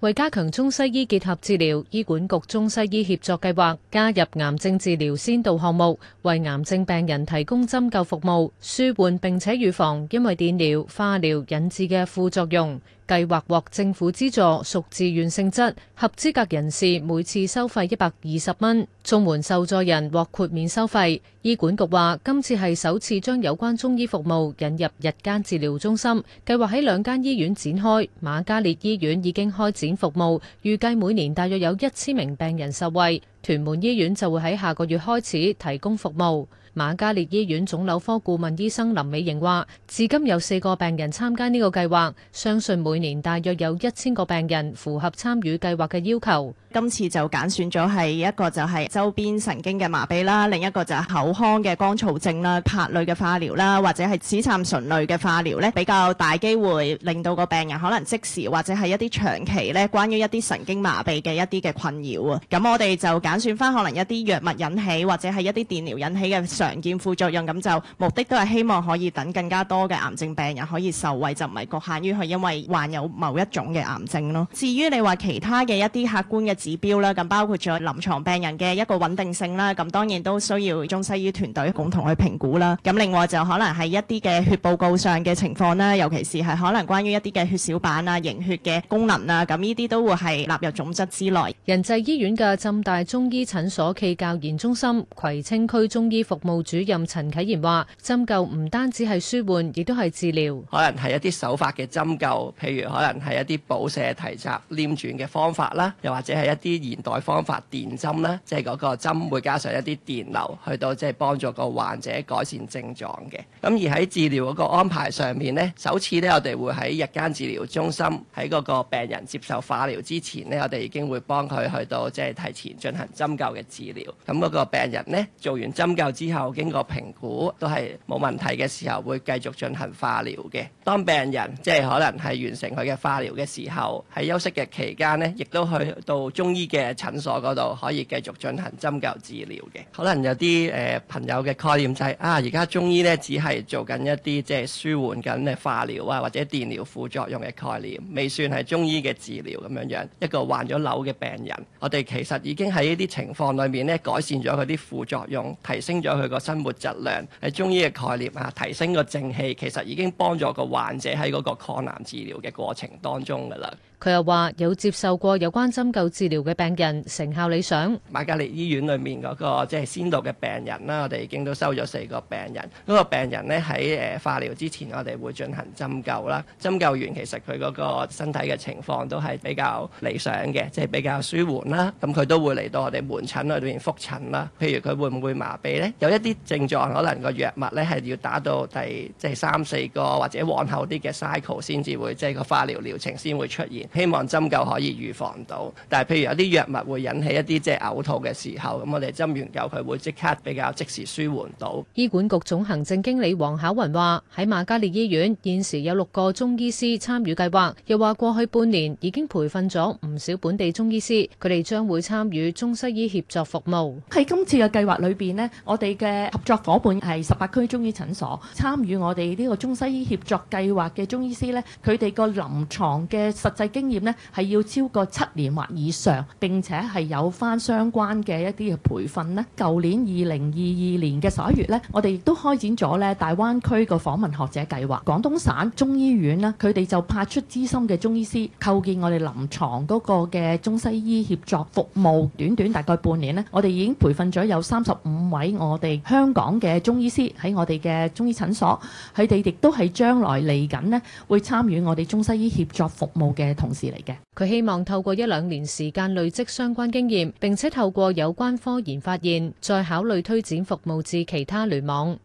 為加強中西醫結合治療，醫管局中西醫協作計劃加入癌症治療先導項目，為癌症病人提供針灸服務，舒緩並且預防因為電療、化療引致嘅副作用。計劃獲政府資助，屬自願性質，合資格人士每次收費一百二十蚊，綜援受助人獲豁免收費。醫管局話，今次係首次將有關中醫服務引入日間治療中心，計劃喺兩間醫院展開。瑪嘉烈醫院已經開展服務，預計每年大約有一千名病人受惠。屯門醫院就會喺下個月開始提供服務。瑪嘉烈醫院腫瘤科顧問醫生林美盈話，至今有四個病人參加呢個計劃，相信每年大約有一千個病人符合參與計劃嘅要求。今次就揀選咗係一個就係周邊神經嘅麻痹啦，另一個就係口腔嘅乾燥症啦、鉑類嘅化療啦，或者係紫杉醇類嘅化療呢，比較大機會令到個病人可能即時或者係一啲長期咧，關於一啲神經麻痹嘅一啲嘅困擾啊。咁我哋就揀揀選翻可能一啲藥物引起或者係一啲電療引起嘅常見副作用，咁就目的都係希望可以等更加多嘅癌症病人可以受惠，就唔係局限於佢因為患有某一種嘅癌症咯。至於你話其他嘅一啲客觀嘅指標啦，咁包括咗臨床病人嘅一個穩定性啦，咁當然都需要中西醫團隊共同去評估啦。咁另外就可能係一啲嘅血報告上嘅情況啦，尤其是係可能關於一啲嘅血小板啊、凝血嘅功能啊，咁呢啲都會係納入種則之內。仁濟醫院嘅浸大中中醫診所暨教研中心葵青區中醫服務主任陳啟賢話：針灸唔單止係舒緩，亦都係治療。可能係一啲手法嘅針灸，譬如可能係一啲補瀉提插捻轉嘅方法啦，又或者係一啲現代方法電針、電針啦，即係嗰個針會加上一啲電流去到即係幫助個患者改善症狀嘅。咁而喺治療嗰個安排上面呢，首次呢，我哋會喺日間治療中心喺嗰個病人接受化療之前呢，我哋已經會幫佢去到即係提前進行。針灸嘅治療，咁嗰個病人呢，做完針灸之後，經過評估都係冇問題嘅時候，會繼續進行化療嘅。當病人即係可能係完成佢嘅化療嘅時候，喺休息嘅期間呢，亦都去到中醫嘅診所嗰度，可以繼續進行針灸治療嘅。可能有啲誒、呃、朋友嘅概念就係、是、啊，而家中醫呢，只係做緊一啲即係舒緩緊嘅化療啊，或者電療副作用嘅概念，未算係中醫嘅治療咁樣樣。一個患咗瘤嘅病人，我哋其實已經喺啲情況裏面咧，改善咗佢啲副作用，提升咗佢個生活質量。喺中醫嘅概念下，提升個正氣，其實已經幫助個患者喺嗰個抗癌治療嘅過程當中㗎喇。佢又話有接受過有關針灸治療嘅病人，成效理想。瑪嘉烈醫院裏面嗰、那個即係、就是、先到嘅病人啦，我哋已經都收咗四個病人。嗰、那個病人咧喺誒化療之前我們，我哋會進行針灸啦。針灸完，其實佢嗰個身體嘅情況都係比較理想嘅，即、就、係、是、比較舒緩啦。咁佢都會嚟到我哋門診裏面覆診啦。譬如佢會唔會麻痹呢？有一啲症狀，可能個藥物咧係要打到第即係三、四個或者往後啲嘅 cycle 先至會即係、就是、個化療療程先會出現。希望針灸可以預防到，但係譬如有啲藥物會引起一啲即係嘔吐嘅時候，咁我哋針完灸佢會即刻比較即時舒緩到。醫管局總行政經理黃巧雲話：喺瑪嘉烈醫院現時有六個中醫師參與計劃，又話過去半年已經培訓咗唔少本地中醫師，佢哋將會參與中西醫協作服務。喺今次嘅計劃裏邊呢，我哋嘅合作伙伴係十八區中醫診所，參與我哋呢個中西醫協作計劃嘅中醫師呢，佢哋個臨床嘅實際經經驗咧係要超過七年或以上，並且係有返相關嘅一啲嘅培訓咧。舊年二零二二年嘅十一月咧，我哋亦都開展咗咧大灣區嘅訪問學者計劃。廣東省中醫院咧，佢哋就派出資深嘅中醫師，構建我哋臨床嗰個嘅中西醫協作服務。短短大概半年咧，我哋已經培訓咗有三十五位我哋香港嘅中醫師喺我哋嘅中醫診所，佢哋亦都係將來嚟緊咧會參與我哋中西醫協作服務嘅同學。佢希望透過一兩年時間累積相關經驗，並且透過有關科研發現，再考慮推展服務至其他聯網。